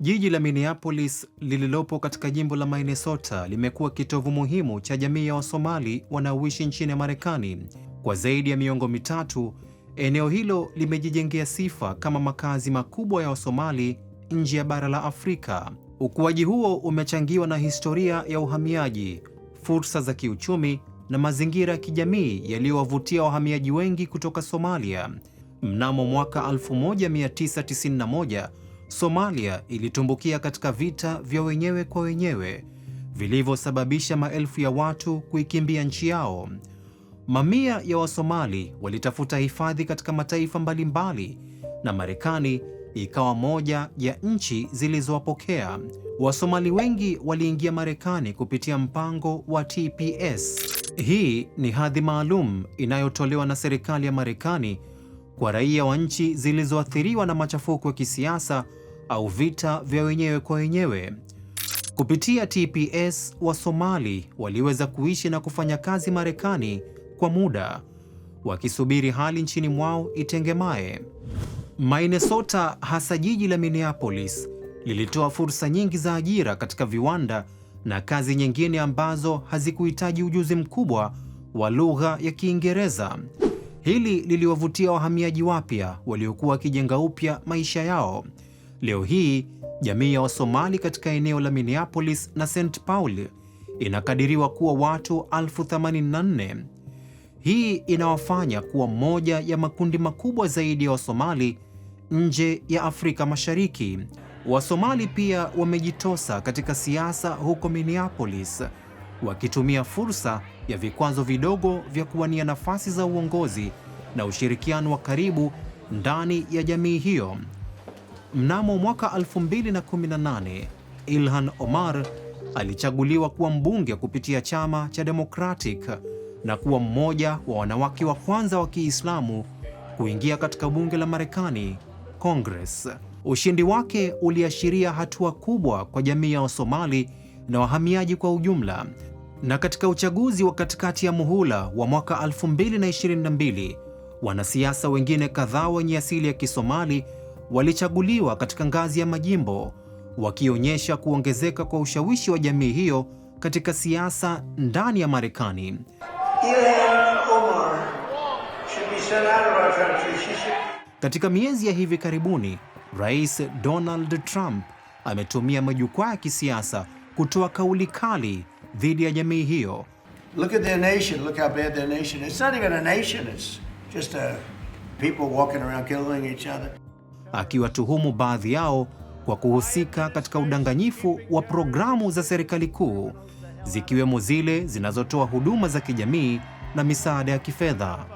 Jiji la Minneapolis lililopo katika jimbo la Minnesota limekuwa kitovu muhimu cha jamii ya Wasomali wanaoishi nchini Marekani kwa zaidi ya miongo mitatu. Eneo hilo limejijengea sifa kama makazi makubwa ya Wasomali nje ya bara la Afrika. Ukuaji huo umechangiwa na historia ya uhamiaji, fursa za kiuchumi na mazingira ya kijamii yaliyowavutia wahamiaji wengi kutoka Somalia. Mnamo mwaka 1991 Somalia ilitumbukia katika vita vya wenyewe kwa wenyewe vilivyosababisha maelfu ya watu kuikimbia nchi yao. Mamia ya Wasomali walitafuta hifadhi katika mataifa mbalimbali na Marekani ikawa moja ya nchi zilizowapokea. Wasomali wengi waliingia Marekani kupitia mpango wa TPS. Hii ni hadhi maalum inayotolewa na serikali ya Marekani kwa raia wa nchi zilizoathiriwa na machafuko ya kisiasa au vita vya wenyewe kwa wenyewe. Kupitia TPS, Wasomali waliweza kuishi na kufanya kazi Marekani kwa muda wakisubiri hali nchini mwao itengemae. Minnesota, hasa jiji la Minneapolis, lilitoa fursa nyingi za ajira katika viwanda na kazi nyingine ambazo hazikuhitaji ujuzi mkubwa wa lugha ya Kiingereza. Hili liliwavutia wahamiaji wapya waliokuwa wakijenga upya maisha yao. Leo hii jamii ya Wasomali katika eneo la Minneapolis na St. Paul inakadiriwa kuwa watu 84. Hii inawafanya kuwa moja ya makundi makubwa zaidi ya Wasomali nje ya Afrika Mashariki. Wasomali pia wamejitosa katika siasa huko Minneapolis, wakitumia fursa ya vikwazo vidogo vya kuwania nafasi za uongozi na ushirikiano wa karibu ndani ya jamii hiyo. Mnamo mwaka 2018 Ilhan Omar alichaguliwa kuwa mbunge kupitia chama cha Democratic na kuwa mmoja wa wanawake wa kwanza wa Kiislamu kuingia katika bunge la Marekani, Congress. Ushindi wake uliashiria hatua kubwa kwa jamii ya Wasomali na wahamiaji kwa ujumla. Na katika uchaguzi wa katikati ya muhula wa mwaka 2022, wanasiasa wengine kadhaa wenye asili ya Kisomali walichaguliwa katika ngazi ya majimbo, wakionyesha kuongezeka kwa ushawishi wa jamii hiyo katika siasa ndani ya Marekani. Katika miezi ya hivi karibuni, Rais Donald Trump ametumia majukwaa ya kisiasa kutoa kauli kali dhidi ya jamii hiyo. Look at their nation, look how bad their nation is. It's not even a nation, it's just a people walking around killing each other akiwatuhumu baadhi yao kwa kuhusika katika udanganyifu wa programu za serikali kuu zikiwemo zile zinazotoa huduma za kijamii na misaada ya kifedha.